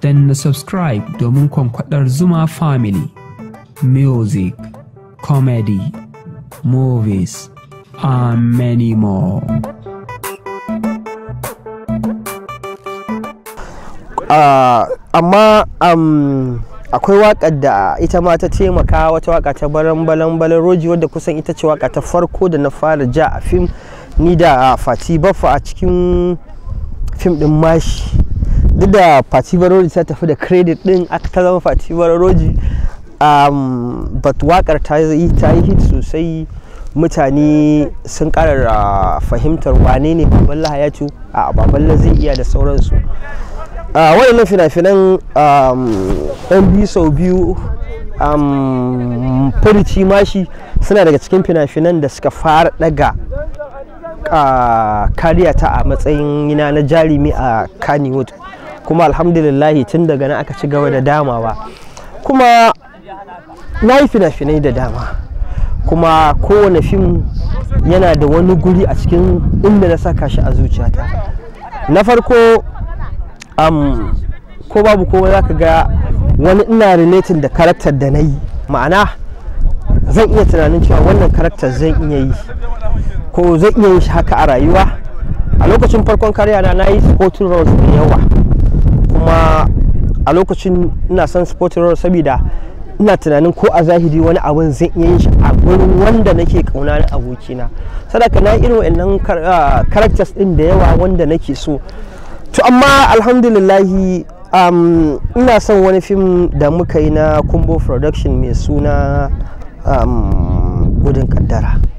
dan na subscribe domin kwankwadar Zuma Family. Music, comedy, movies, and many more. Ah, amma um, akwai waƙar da ita ma ta taimaka wata waka ta baran balan balan roji wadda kusan ita ce waka ta farko da na fara ja a fim ni da fati baffa a cikin fim ɗin mashi duk da Fati Baroji ta tafi da credit din aka ta zama Fati Baroji um, but wakar ta yi ta yi hit sosai mutane sun ƙara fahimtar wane ne baban ya ci a baban zai iya da sauransu uh, waɗannan fina-finan um, ɗan biyu sau biyu um, mashi suna daga cikin fina-finan da suka fara daga uh, kariya ta a matsayin yana na jarumi a kaniwood kuma alhamdulillahi tun daga na aka ci gaba da ba kuma na yi fina-finai da dama kuma kowane fim yana da wani guri a cikin inda na saka shi a zuciyata na farko um, ko babu kowa za ka ga wani ina relatin da karaktar da na yi ma'ana zan iya tunanin cewa wannan karaktar zan iya yi ko zan iya yi shi haka a rayuwa a lokacin farkon karyana na yi sporting roles da yawa kuma a lokacin ina son sporting saboda ina tunanin ko a zahiri wani abin zai iya yin shi a gurin wanda nake kauna na abokina sadaka na irin wannan ah, characters din da yawa wanda nake so to amma alhamdulillahi ina son wani fim da muka yi na kumbo production mai suna gudun kaddara